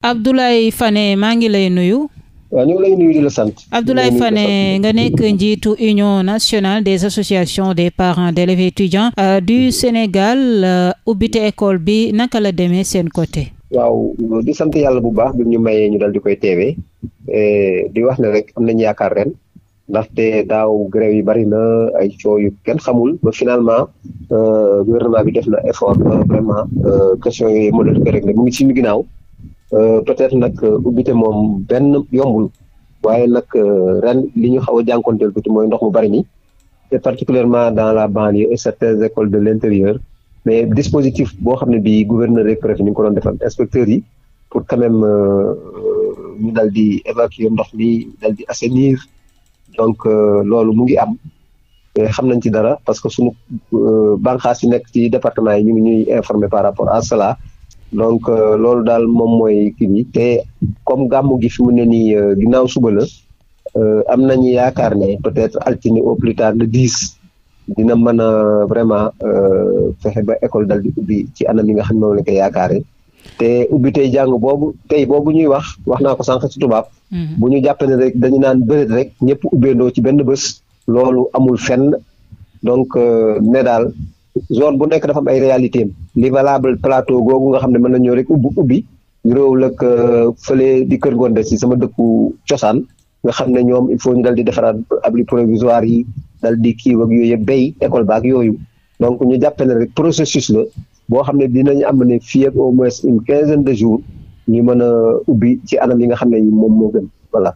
Abdoulaye Fane maa ngi lay nuyu. waaw ñu ngi lay nuyu di la sant. Abdoulaye Fane nga nekk njiitu union nationale des associations des parents d'élèves étudiants euh, du Sénégal euh, ubbite école bi naka la demee seen côté. waaw di sant yàlla bu baax bi ñu mayee ñu dal di koy téewe teewee eh, di wax ne rek am nañu yaakaar ren ndaxte daaw grève yi bari na ay coow yu kenn xamul ba finalement euh, gouvernement bi def na effort vraiment question yooyu moo leen ko réglé mu ngi suñu ginnaaw. Euh, peut-être nag euh, ubbite moom benn yombul waaye nag euh, ren li ñu xaw a jànkoonteel tuuti mooy ndox mu bari mi te particulièrement dans la banlieue et certaines écoles de l'intérieur mais dispositif boo xam ne bii gouverneur rek préfet ñu ngi ko doon defal inspecteurs yi pour quand même ñu dal di évacuer ndox mi dal di assainir donc loolu mu ngi am xam nañ ci dara parce que suñu bànqaas yi nekk ci département yi ñu ngi ñuy informer par rapport à cela donc euh, loolu daal moom mooy kii bi te comme gàmmu gi fi mu ne nii euh, ginnaaw suba la euh, am nañu yaakaar ne peut-être altine au plus tard le dix dina mën a vraiment fexe ba école dal di ubbi ci anam yi nga xam ne moom la koy yaakaare te ubbi jàng boobu tey boobu ñuy wax wax naa ko sànq ci tubaab. Mm-hmm. bu ñu rek dañu naan bëreet rek ñëpp ubbeendoo ci benn bés. loolu amul fenn donc ne daal zone bu nekk dafa am ay réalité am li valable plateau googu nga xam ne mën na ñëw rek ubbi ubbi ñu réew lak fële di kër de si sama dëkku cosaan nga xam ne ñoom il faut ñu dal di defaraat abri provisoire yi dal di kii ak yooyu béy école baak yooyu donc ñu jàppe ne rek processus la boo xam ne dinañ am ne fii au moins une quinzaine de jour ñu mën a ubbi ci anam yi nga xam ne moom moo gën voilà.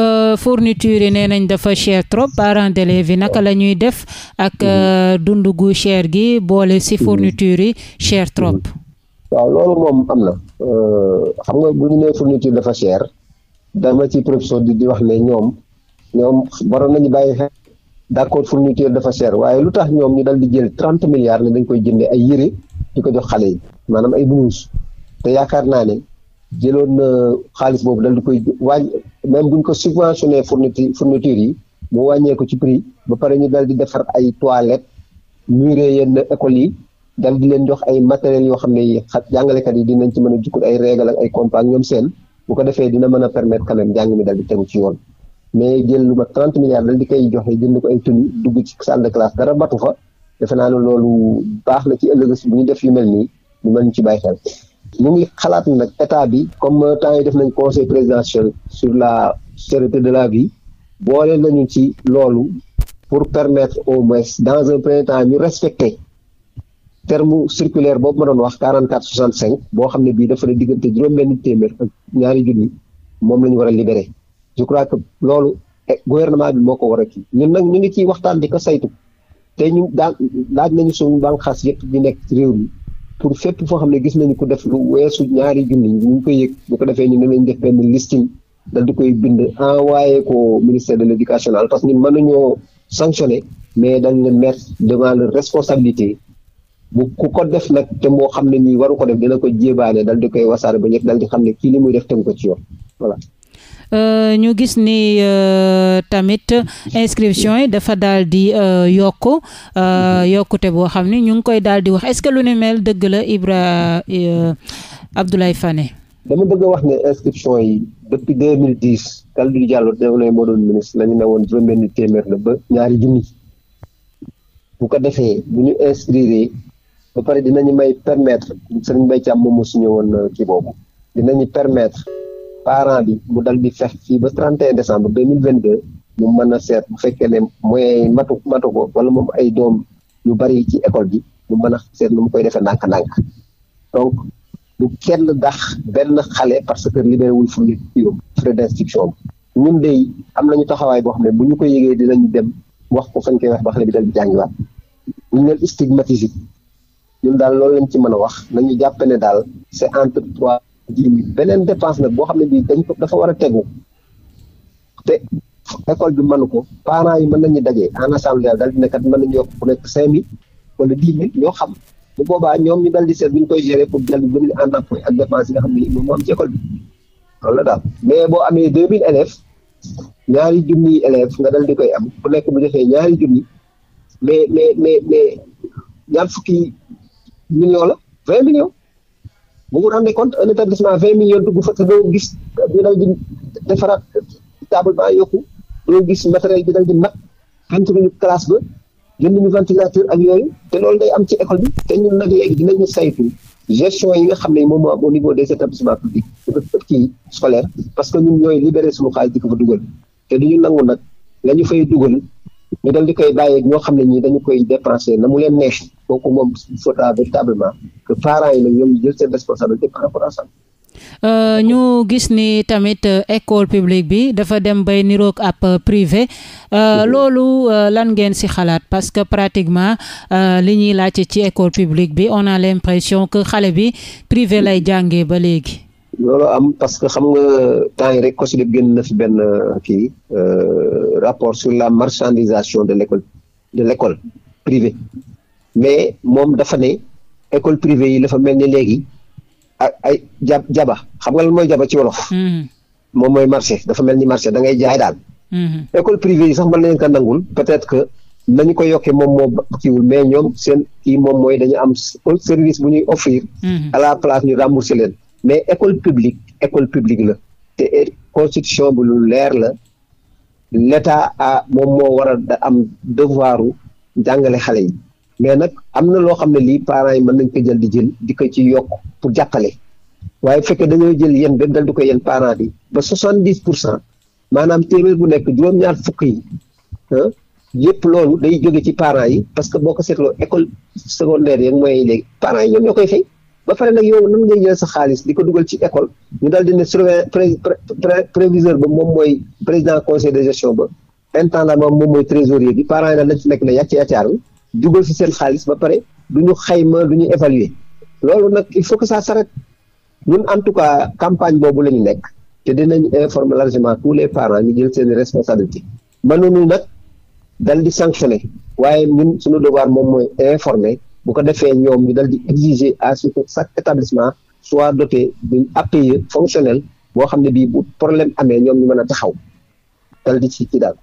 Euh, fourniture yi nee nañ dafa cher trop parents d'élèves yi naka la ñuy def ak mm-hmm. euh, dund gu chair gi boole si mm-hmm. fourniture yi cher mm-hmm. trop. waaw loolu moom am na euh, xam nga bu ñu nee fourniture dafa cher dama ci professeur di wax ne ñoom ñoom waroon nañu bàyyi xel d'accord fourniture dafa cher waaye lu tax ñoom ñu dal di jël trent milliards ne dañ koy jëndee ay yére di ko jox xale yi maanaam ay blouse te yaakaar naa ne. jëloon na xaalis boobu dal di koy wàññi même buñ ko subventionné fourniture fourniture yi mu wàññeeku ci prix ba pare ñu dal di defar ay toilettes muré yenn écoles yi dal di leen jox ay matériels yoo xam ne xa jàngalekat yi dinañ ci mën a jukkul ay règle ak ay compas ñoom seen bu ko defee dina mën a permettre quand même jàng mi dal di tegu ci yoon mais jël lu ba trente milliards dal di koy joxe jënd ko ay tunu dugg ci salle de classe dara batu fa defe naa ne loolu baax na ci ëllëg si bu ñu def yu mel nii ñu mën ci bàyyi xel ñu ngi xalaat nag état bi comme temps yi def nañ conseil présidentiel sur la cherté de la vie boole nañu ci loolu pour permettre au moins dans un premier ñu respecter terme circulaire boobu ma doon wax 44 65 boo xam ne bii dafa ne diggante juróom-benn téeméer ak ñaari junni moom la ñu war a libéré je crois que loolu eh, gouvernement bi moo ko war a kii ñun nag ñu ngi ci waxtaan bi ko saytu te ñu daan laaj nañu suñu bànqaas yëpp bi nekk ci réew mi. pour fépp foo xam ne gis nañu ko def lu weesu ñaari junni ñu ko koy yëg bu ko defee ñu ne lañ def benn listing dal di koy bind waaye ko ministère de l' éducation nationale parce que ñun mën nañoo sanctionné mais dañ leen mettre demande leur responsabilité bu ku ko def nag te moo xam ne nii waru ko def dina ko jébaane dal di koy wasaare ba ñëpp dal di xam ne kii li muy def tegu ko ci yoon voilà. Euh, ñu gis ni euh, tamit inscription yi dafa daal di euh, yokk yokkute boo xam ni ñu ngi koy daal di wax est-ce que lu ni mel dëgg la Ibra Abdoulaye Fane. dama bëgg a wax ne inscription yi depuis deux mille dix Kalidou Diallo développé moo doon ministre la ñu ne woon juróom-benn téeméer la ba ñaari junni bu ko defee bu ñu inscrire ba pare dinañu may permettre Serigne Mbaye Thiam moom moo signé woon kii boobu dinañu permettre. parent bi mu dal bi fex fii ba mille décembre 2022 mu mën a seet bu fekkee ne mooy yi matu matu ko wala moom ay doom ñu bari ci école bi mu mën a seet nu mu koy defee ndànk-ndànk donc du kenn dax benn xale parce que libéré wul fu ñu yóbbu frais d'instruction bi ñun de am nañu taxawaay boo xam ne bu ñu ko yëgee dinañu dem wax ko fañ koy wax ba xale bi dal di jàngiwaat bu ñu leen stigmatisé daal loolu lañ ci mën a wax nañu jàpp ne daal c'est entre trois ji beneen dépence nag boo xam ne bii dañ dafa war a tegu te école bi mënu ko parents yi mën nañu daje en assemblée daal di ne kat mën nañu yokk ku nekk cinq mille wala dix ñoo xam bu boobaa ñoom ñu dal di seet bu ñu koy gérer pour jël bu ñu en appui ak ne moom moo am ci école bi loolu la daal mais boo amee deux mille élèves ñaari junniy élèves nga dal di koy am ku nekk bu defee ñaari junni mais mais mais mais ñaar fukki millions la vingt millions. vous vous rendez compte un établissement vingt millions dugg fa te doo gis ñu dal di defaraat table ba yokku doo gis matériel bi dal di mat peinture ñu classe ba jënduñu ventilateur ak yooyu te loolu day am ci école bi te ñun nag léegi dinañu saytu gestion yi nga xam ne moom moo am au niveau des établissements publics kii scolaire parce que ñun ñooy libéré suñu xaalis di ko fa dugal te du ñu nangu nag la ñu fay dugal mais dal di koy bàyyeeg ñoo xam ne ñi dañu koy dépenser na mu leen neex euh, ñu gis ni tamit euh, école publique bi dafa dem bay niroog ab euh, privé mm-hmm. loolu lan ngeen si xalaat parce que pratiquement li ñuy laajte ci école publique bi on a l'impression que xale bi privé lay jànge ba léegi. loolu am parce que xam nga temps yi rek COSYDEP génn na fi benn euh, kii euh, rapport sur la marchandisation de l'école de l'école mais moom dafa ne école privée yi dafa mel ni léegi ak ay ja jaba xam nga lan mooy jaba ci wolof hmm. moom mooy marché dafa mel ni marché da ngay jaay daal hmm. école privée yi sax mën nañu ko nangul peut-être que nañu ko yokkee moom moo kiiwul mais ñoom seen kii moom mooy dañu am service bu ñuy offrir hmm. à la place ñu rembourser leen mais école publique école publique la te constitution bi lu leer la l'état a moom moo war da am devoiru jàngale xale yi mais nag am na loo xam ne lii parent yi mën nañ ko jël di jël di ko ci yokk pour jàppale waaye fekk dañoo jël yéen benn dal du ko yéen parent bi ba soixante dix pour cent maanaam téeméer bu nekk juróom-ñaar fukk yi yëpp loolu day jóge ci parents yi parce que boo ko seetloo école secondaire yeeg moyens yi léegi parents yi ñoom ñoo koy fay ba pare nag yow nan ngay jël sa xaalis di ko dugal ci école ñu daal di ne surveillant préviseur ba moom mooy président conseil de gestion ba intendant ba moom mooy trésorier bi parents yi nag lañ ci nekk ne yàcc yàccaar dugal si seen xaalis ba pare du ñu xayma du ñu évaluer loolu nag il faut que ça s'arrête ñun en tout cas campagne boobu la ñu nekk te dinañ informer largement tous les parents ñu jël seen responsabilité mënuñu nag dal di sanctionner waaye ñun suñu devoir moom mooy informer bu ko defee ñoom ñu dal di exiger à ce que chaque établissement soit doté d'une APE fonctionnelle boo xam ne bii bu problème amee ñoom ñu mën a taxaw dal di ci ci daal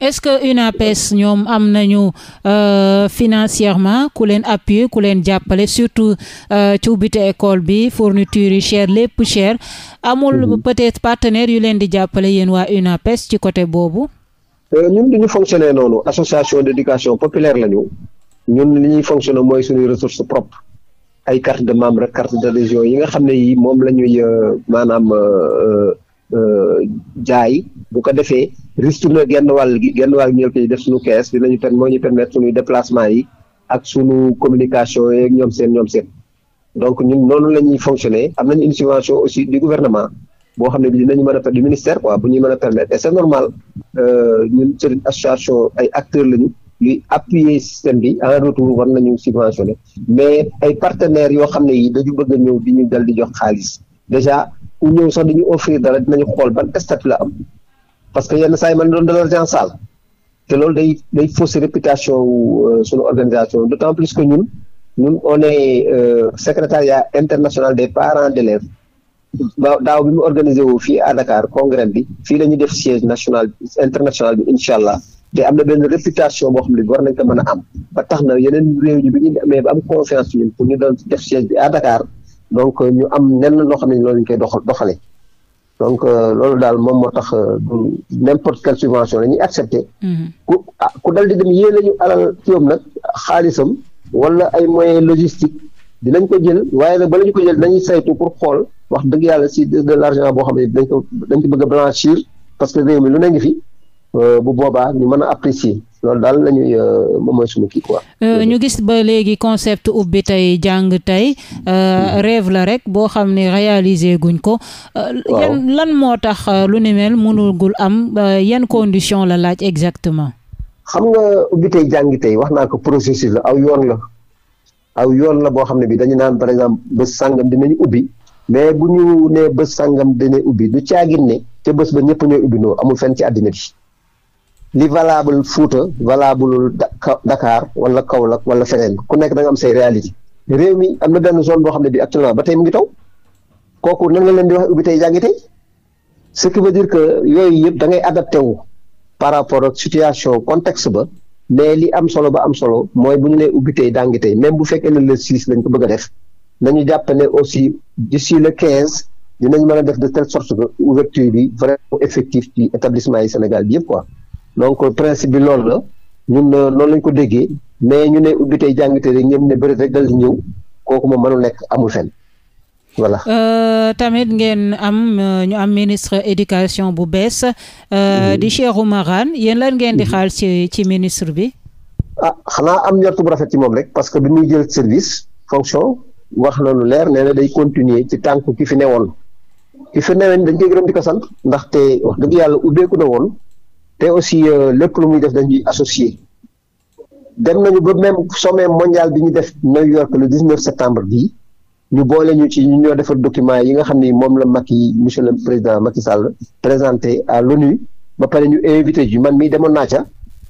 est-ce que UNAPES ñoom am nañu euh, financièrement ku leen appuyer ku leen jàppale surtout euh, ci ubbite école bi fourniture yi cher lépp cher amul mm peut-être partenaire yu leen di jàppale yéen waa UNAPES ci côté boobu euh, ñun euh, duñu fonctionner noonu association d'éducation populaire lañu ñun li ñuy fonctionner mooy suñuy ressource propre ay carte de membre carte de d'adhésion yi nga xam ne yi moom la ñuy euh, maanaam euh, euh, jaay bu ko defee ristourne genn wàll gi genn waal ñëw koy def suñu kees dinañu pen moo ñu permettre suñuy déplacement yi ak suñu communication yeeg ñoom seen ñoom seen donc ñun noonu la ñuy fonctionner am nañu une subvention aussi du gouvernement boo xam ne bi dinañu mën a du ministère quoi bu ñuy mën a permettre et c'est normal ñun c'est une ay acteurs lañu luy appuyer système bi en retour war nañu subventionné mais ay partenaires yoo xam ne yi dañu bëgg a ñëw di ñu dal di jox xaalis déjà ku ñëw sax dañu offrir dara dinañu xool ban statut la am parce que yenn saa yi man doon de l'argent sale te loolu day day fausse réputation wu euh, sunu organisation d'autant plus que ñun ñun on est euh, secrétariat international des parents d'élèves daaw bi mu organisé wu fii à Dakar congrès bi fii la ñu def siège national international bi te am na benn réputation boo xam ne war nañ ko mën a am ba tax na yeneen réew ñi bi ñu amee ba am confiance yi pour ñu doon def siège bi à Dakar donc euh, ñu am nenn loo xam ne loolu ñu koy doxal doxalee donc euh, loolu daal moom moo tax euh, du n'importe quelle mm-hmm. ah, pour xool wax dëgg yàlla si de l'argent boo xam ne dañ ko dañ ko bëgg a blanchir parce que réew mi lu ne fi. Euh, bu boobaa ñu mën a apprécier loolu daal la ñuy euh, moom mooy suñu kii quoi. Euh, ñu gis ba léegi concept ubbi tey jàng tey hmm. rêve la rek boo xam ne réaliser guñ ko. yan lan moo tax lu ni mel mënugul am yan condition la laaj exactement. xam nga ubbi tey jàng tey wax naa ko processus la aw yoon la aw yoon la boo xam ne bi dañu naan par exemple bës sàngam dinañu ubbi mais bu ñu nee bës sàngam dina ubbi lu caagin ne te bës ba ñëpp ñooy ubbi noo amul fenn ci àddina bi. li valable Fouta valable Dakar wala Kaolack wala feneen ku nekk da am say réalité réew mi am na benn zone boo xam ne bi actuellement ba tey mu ngi taw kooku nan nga leen di wax ubbi tey jàngi tey ce qui dire que yooyu yëpp da ngay adapté wu par rapport ak situation contexte ba mais li am solo ba am solo mooy bu ñu nee ubbi tey même bu fekkee ne le six lañ ko bëgg a def nañu jàpp ne aussi d'ici le quinze dinañ mën a def de telle sorte que ouverture bi vraiment effectif ci établissement yi Sénégal bi yëpp quoi donc principe bi loolu la ñun euh, loolu lañ ko déggee mais ñu ne ubbi tey jàng tere ñoom ne bëri rek dal di ñëw kooku moom mënul nekk amul fenn voilà. Euh, tamit ngeen am euh, ñu am ministre éducation bu bees. Mhm. di Cheikh Marane yéen lan ngeen di mhm. xaar ci ci ministre bi. ah xanaa am njortu bu rafet ci moom rek parce que bi muy jël service fonction wax na lu leer nee day continuer ci tànk ki fi newoon ki fi newoon dañ koy gërëm di ko ndaxte wax dëgg yàlla ubbeeku na woon. te aussi euh, lépp lu muy def dañuy associé dem nañu ba même sommet mondial bi ñu def New York le 19 septembre bii ñu boole ñu ci ñu ñoo defar document yi nga xam ni moom la Macky monsieur le président Macky Sall présenté à l'ONU ba pare ñu invité ji man mii demoon naa ca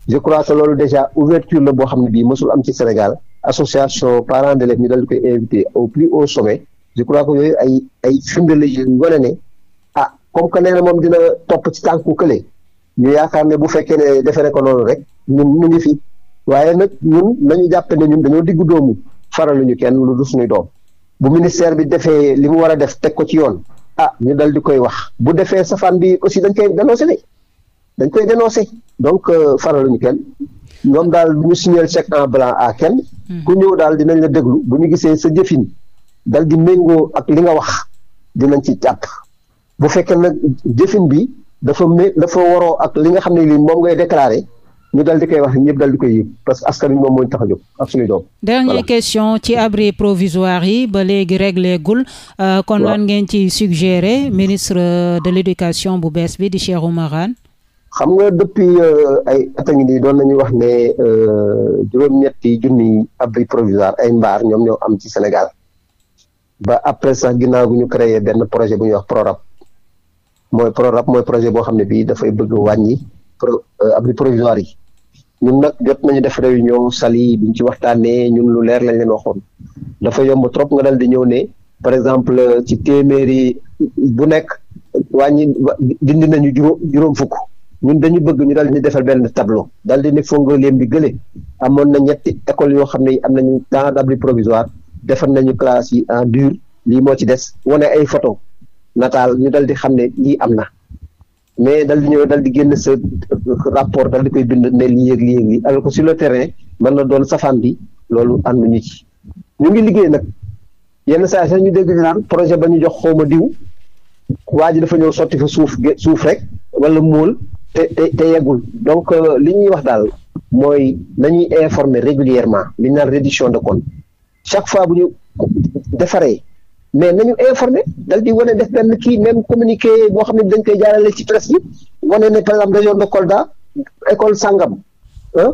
je crois que loolu déjà ouverture la boo xam ne bii mësul am ci Sénégal association parents d'élèves ñu dal koy invité au plus haut sommet je crois que yooyu ay ay firnde la yu ne ah comme que nee moom dina topp ci tànku kële ñu yaakaar ne bu fekkee ne deferee ko loolu rek ñun ngi fi waaye nag ñun nañu jàpp ne ñun dañoo diggu doomu faraluñu kenn lu du suñuy doom bu ministère bi defee li mu war a def teg ko ci yoon ah ñu dal di koy wax bu defee safaan bi aussi dañ koy dénoncé de dañ koy dénoncé donc euh, faraluñu kenn ñoom daal du ñu signer chèque en blanc à kenn hmm. ku ñëw daal dinañ la déglu bu ñu gisee sa jëfin dal di méngoo ak li nga wax dinañ ci jàpp bu fekkee nag jëfin bi dafa mé dafa waroo ak li nga xam ne lii moom ngay déclaré ñu dal di koy wax ñëpp dal di koy yëg parce que askan wi moom moo ñu tax a jóg ak suñu doom. question ci abri provisoire yi ba léegi réglé gul. Euh, kon lan ngeen ci suggéré ministre de l' bu bees bi di Cheikh Oumar Anne. xam nga depuis euh, ay at a ngi nii doon nañu wax ne euh, juróom-ñetti junni abri provisoire ay mbaar ñoom ñoo am ci Sénégal ba après sax ginnaaw bi ñu créé benn projet bu ñuy wax PRORAP. mooy PRORAB mooy projet boo xam ne bii dafay bëgg wàññi pro euh, abri provisoire yi ñun nag jot nañu def réunion sali biñ ci waxtaanee ñun lu leer lañ leen waxoon dafa yomb trop nga dal di ñëw ne par exemple ci téeméeri bu nekk wàññi dindi nañu juróom juróom fukk ñun dañu bëgg ñu dal di defal benn tableau dal di ne fongo leen bi gële amoon na ñetti école yoo xam ne am nañu temps abri provisoire defal nañu classe yi en dure lii moo ci des wane ay photo nataal ñu dal di xam ne lii am na mais dal di ñëw dal di génn sa rapport dal koy bind ne lii ak lii ak lii alors que sur le terrain mën na doon safaan bi loolu am ànd ñu ci ñu ngi liggéey nag yenn saa sax ñu dégg ñu projet ba ñu jox xawma diw waa ji dafa ñëw sotti fa suuf suuf rek wala móol te te yeggul donc euh, li ñuy wax daal mooy nañuy informer régulièrement li ñu naan de compte chaque fois bu ñu defaree mais nañu informé dal di wane def benn kii même communiqué boo xam ne dañ koy jaarale ci presse bi wane ne par exemple région de Kolda école sangam ah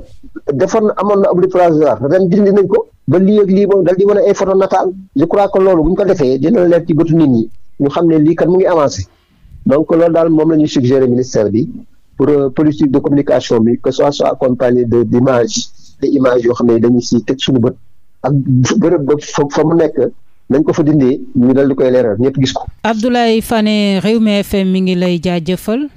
defoon na amoon na abri provisoire ren dindi nañ ko ba lii ak lii moom dal di wane informé nataal je crois que loolu bu ñu ko defee dina leer ci bëtu nit ñi ñu xam ne lii kat mu ngi avancé donc loolu daal moom la ñuy suggéré ministère bi pour euh, politique de communication bi que soit soit accompagné de d' image de image yoo xam ne dañuy si teg suñu bët ak bërëb ba fa mu nekk. nañ ko fa dindee ñu dal di koy leeral ñëpp gis ko. Abdoulaye Fane Rewmi FM mi ngi lay jaajëfal.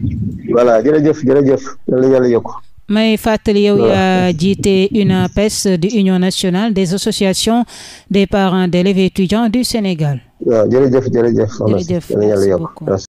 voilà jërëjëf jërëjëf yàlla yàlla yokk. may fàttali yow yaa jiite UNAPES di Union nationale des associations des parents d'élèves Sénégal. waaw jërëjëf jërëjëf.